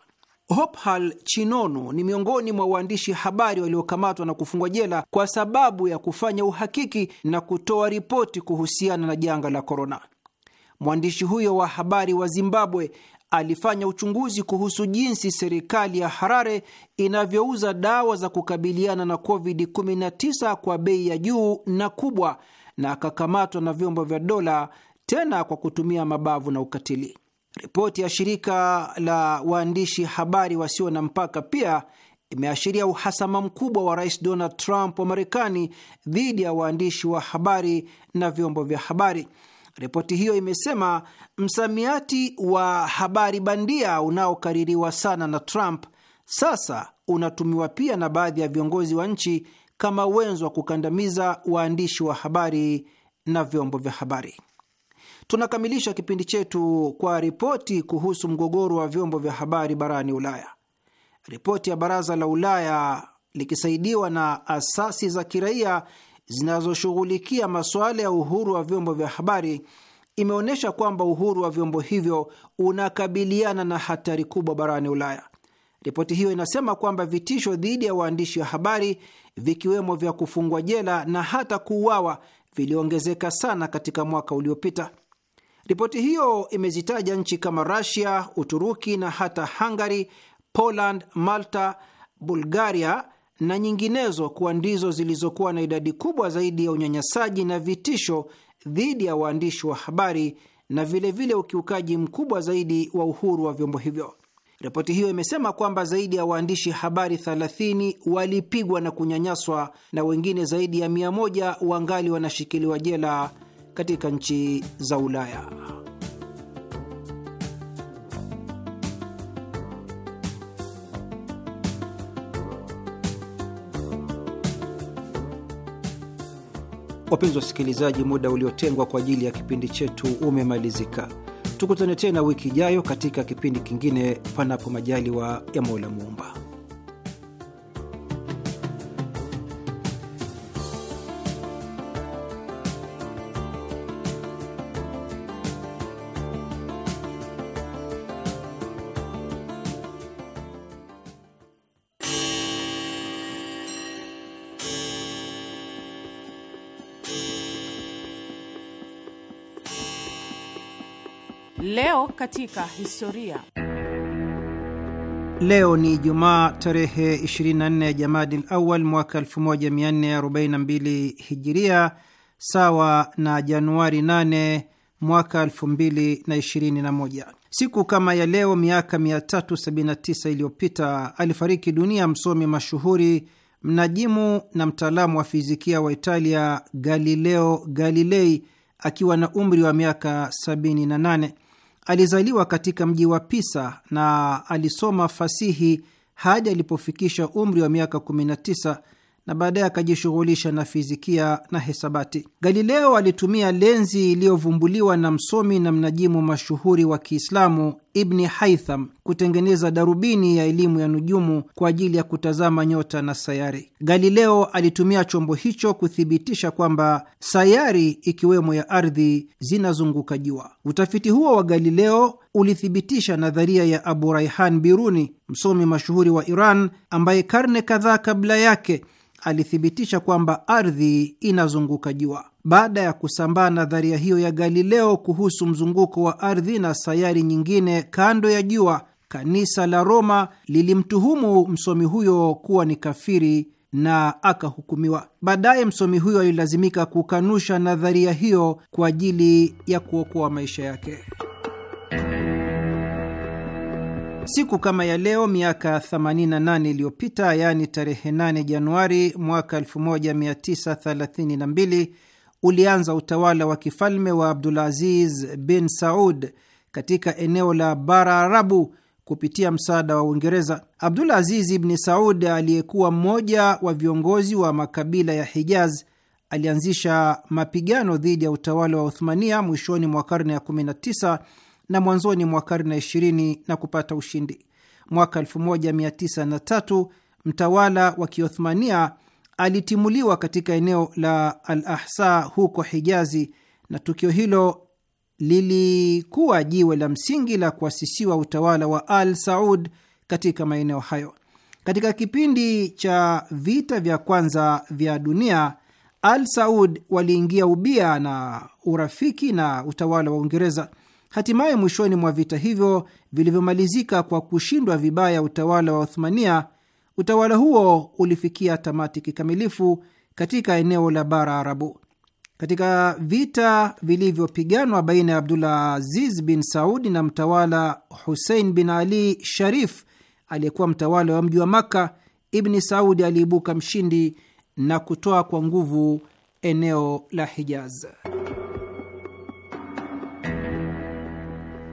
Hophal Chinono ni miongoni mwa waandishi habari waliokamatwa na kufungwa jela kwa sababu ya kufanya uhakiki na kutoa ripoti kuhusiana na janga la korona. Mwandishi huyo wa habari wa Zimbabwe alifanya uchunguzi kuhusu jinsi serikali ya Harare inavyouza dawa za kukabiliana na COVID-19 kwa bei ya juu na kubwa, na akakamatwa na vyombo vya dola, tena kwa kutumia mabavu na ukatili. Ripoti ya shirika la waandishi habari wasio na mpaka pia imeashiria uhasama mkubwa wa Rais Donald Trump wa Marekani dhidi ya waandishi wa habari na vyombo vya habari. Ripoti hiyo imesema msamiati wa habari bandia unaokaririwa sana na Trump sasa unatumiwa pia na baadhi ya viongozi wa nchi kama wenzo wa kukandamiza waandishi wa habari na vyombo vya habari. Tunakamilisha kipindi chetu kwa ripoti kuhusu mgogoro wa vyombo vya habari barani Ulaya. Ripoti ya Baraza la Ulaya likisaidiwa na asasi za kiraia zinazoshughulikia masuala ya uhuru wa vyombo vya habari imeonyesha kwamba uhuru wa vyombo hivyo unakabiliana na hatari kubwa barani Ulaya. Ripoti hiyo inasema kwamba vitisho dhidi ya waandishi wa habari vikiwemo vya kufungwa jela na hata kuuawa viliongezeka sana katika mwaka uliopita. Ripoti hiyo imezitaja nchi kama Rasia, Uturuki na hata Hungary, Poland, Malta, Bulgaria na nyinginezo kuwa ndizo zilizokuwa na idadi kubwa zaidi ya unyanyasaji na vitisho dhidi ya waandishi wa habari na vilevile vile ukiukaji mkubwa zaidi wa uhuru wa vyombo hivyo. Ripoti hiyo imesema kwamba zaidi ya waandishi habari 30 walipigwa na kunyanyaswa na wengine zaidi ya 100 wangali wanashikiliwa jela katika nchi za Ulaya. Wapenzi wasikilizaji, muda uliotengwa kwa ajili ya kipindi chetu umemalizika. Tukutane tena wiki ijayo katika kipindi kingine, panapo majaliwa ya Mola Muumba. Leo katika historia. Leo ni Ijumaa tarehe 24 ya Jamadil Awal mwaka 1442 Hijiria, sawa na Januari 8 mwaka 2021. Siku kama ya leo miaka 379 iliyopita alifariki dunia msomi mashuhuri mnajimu na mtaalamu wa fizikia wa Italia Galileo Galilei akiwa na umri wa miaka Alizaliwa katika mji wa Pisa na alisoma fasihi hadi alipofikisha umri wa miaka na baadaye akajishughulisha na fizikia na hesabati. Galileo alitumia lenzi iliyovumbuliwa na msomi na mnajimu mashuhuri wa Kiislamu Ibni Haitham kutengeneza darubini ya elimu ya nujumu kwa ajili ya kutazama nyota na sayari. Galileo alitumia chombo hicho kuthibitisha kwamba sayari ikiwemo ya ardhi zinazunguka jua. Utafiti huo wa Galileo ulithibitisha nadharia ya Abu Raihan Biruni, msomi mashuhuri wa Iran ambaye karne kadhaa kabla yake alithibitisha kwamba ardhi inazunguka jua. Baada ya kusambaa nadharia hiyo ya Galileo kuhusu mzunguko wa ardhi na sayari nyingine kando ya jua, kanisa la Roma lilimtuhumu msomi huyo kuwa ni kafiri na akahukumiwa. Baadaye msomi huyo alilazimika kukanusha nadharia hiyo kwa ajili ya kuokoa maisha yake. Siku kama ya leo miaka 88 iliyopita, yaani tarehe 8 Januari mwaka 1932 ulianza utawala wa kifalme wa Abdulaziz bin Saud katika eneo la bara Arabu kupitia msaada wa Uingereza. Abdul Aziz ibni Saud aliyekuwa mmoja wa viongozi wa makabila ya Hijaz alianzisha mapigano dhidi ya utawala wa Uthmania mwishoni mwa karne ya 19 na mwanzoni mwa karne 20 na kupata ushindi. Mwaka 1903 mtawala wa Kiothmania alitimuliwa katika eneo la Al Ahsa huko Hijazi, na tukio hilo lilikuwa jiwe la msingi la kuasisiwa utawala wa Al Saud katika maeneo hayo. Katika kipindi cha vita vya kwanza vya dunia, Al Saud waliingia ubia na urafiki na utawala wa Uingereza. Hatimaye mwishoni mwa vita hivyo vilivyomalizika kwa kushindwa vibaya utawala wa Uthmania, utawala huo ulifikia tamati kikamilifu katika eneo la bara Arabu. Katika vita vilivyopiganwa baina ya abdulaziz bin Saudi na mtawala Husein bin Ali Sharif aliyekuwa mtawala wa mji wa Makka, Ibni Saudi aliibuka mshindi na kutoa kwa nguvu eneo la Hijaz.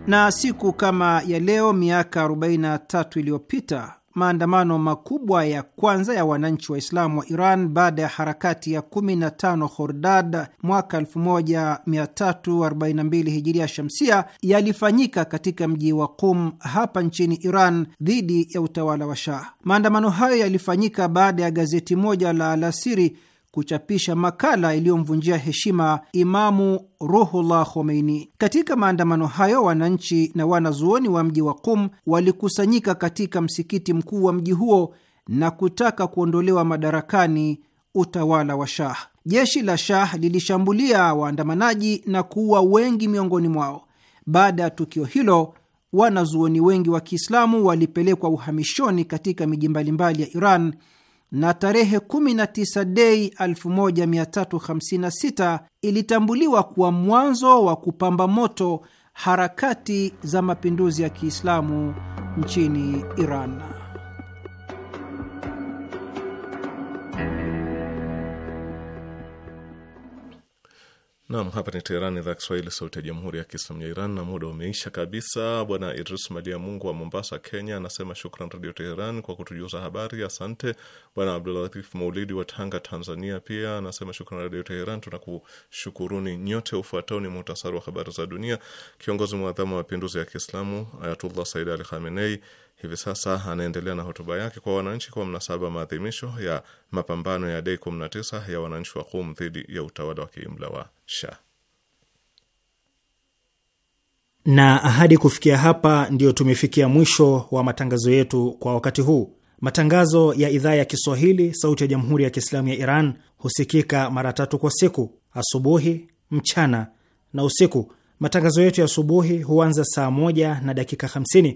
Na siku kama ya leo miaka 43 iliyopita maandamano makubwa ya kwanza ya wananchi wa islamu wa Iran baada ya harakati ya 15 Hordad mwaka 1342 hijiria shamsia yalifanyika katika mji wa Qum hapa nchini Iran dhidi ya utawala wa Shah. Maandamano hayo yalifanyika baada ya gazeti moja la alasiri kuchapisha makala iliyomvunjia heshima Imamu Ruhullah Khomeini. Katika maandamano hayo, wananchi na wanazuoni wa mji wa Qum walikusanyika katika msikiti mkuu wa mji huo na kutaka kuondolewa madarakani utawala wa Shah. Jeshi la Shah lilishambulia waandamanaji na kuua wengi miongoni mwao. Baada ya tukio hilo, wanazuoni wengi wa Kiislamu walipelekwa uhamishoni katika miji mbalimbali ya Iran na tarehe 19 Dei 1356 ilitambuliwa kuwa mwanzo wa kupamba moto harakati za mapinduzi ya Kiislamu nchini Iran. Naam, hapa ni Teherani, idhaa Kiswahili, sauti ya jamhuri ya kiislamu ya Iran. Na muda umeisha kabisa. Bwana Idris Malia Mungu wa Mombasa, Kenya, anasema shukran Radio Teheran kwa kutujuza habari, asante. Bwana Abdulatif Maulidi wa Tanga, Tanzania, pia anasema shukran Radio Teheran. Tunakushukuruni nyote. Ufuatao ni muhtasari wa habari za dunia. Kiongozi mwadhamu wa mapinduzi ya Kiislamu Ayatullah Said Ali Khamenei hivi sasa anaendelea na hotuba yake kwa wananchi kwa mnasaba maadhimisho ya mapambano ya Dei 19 ya wananchi wa Qum dhidi ya utawala wa kiimla wa Shah. Na ahadi kufikia hapa, ndiyo tumefikia mwisho wa matangazo yetu kwa wakati huu. Matangazo ya idhaa ya Kiswahili sauti ya Jamhuri ya Kiislamu ya Iran husikika mara tatu kwa siku: asubuhi, mchana na usiku. Matangazo yetu ya asubuhi huanza saa moja na dakika 50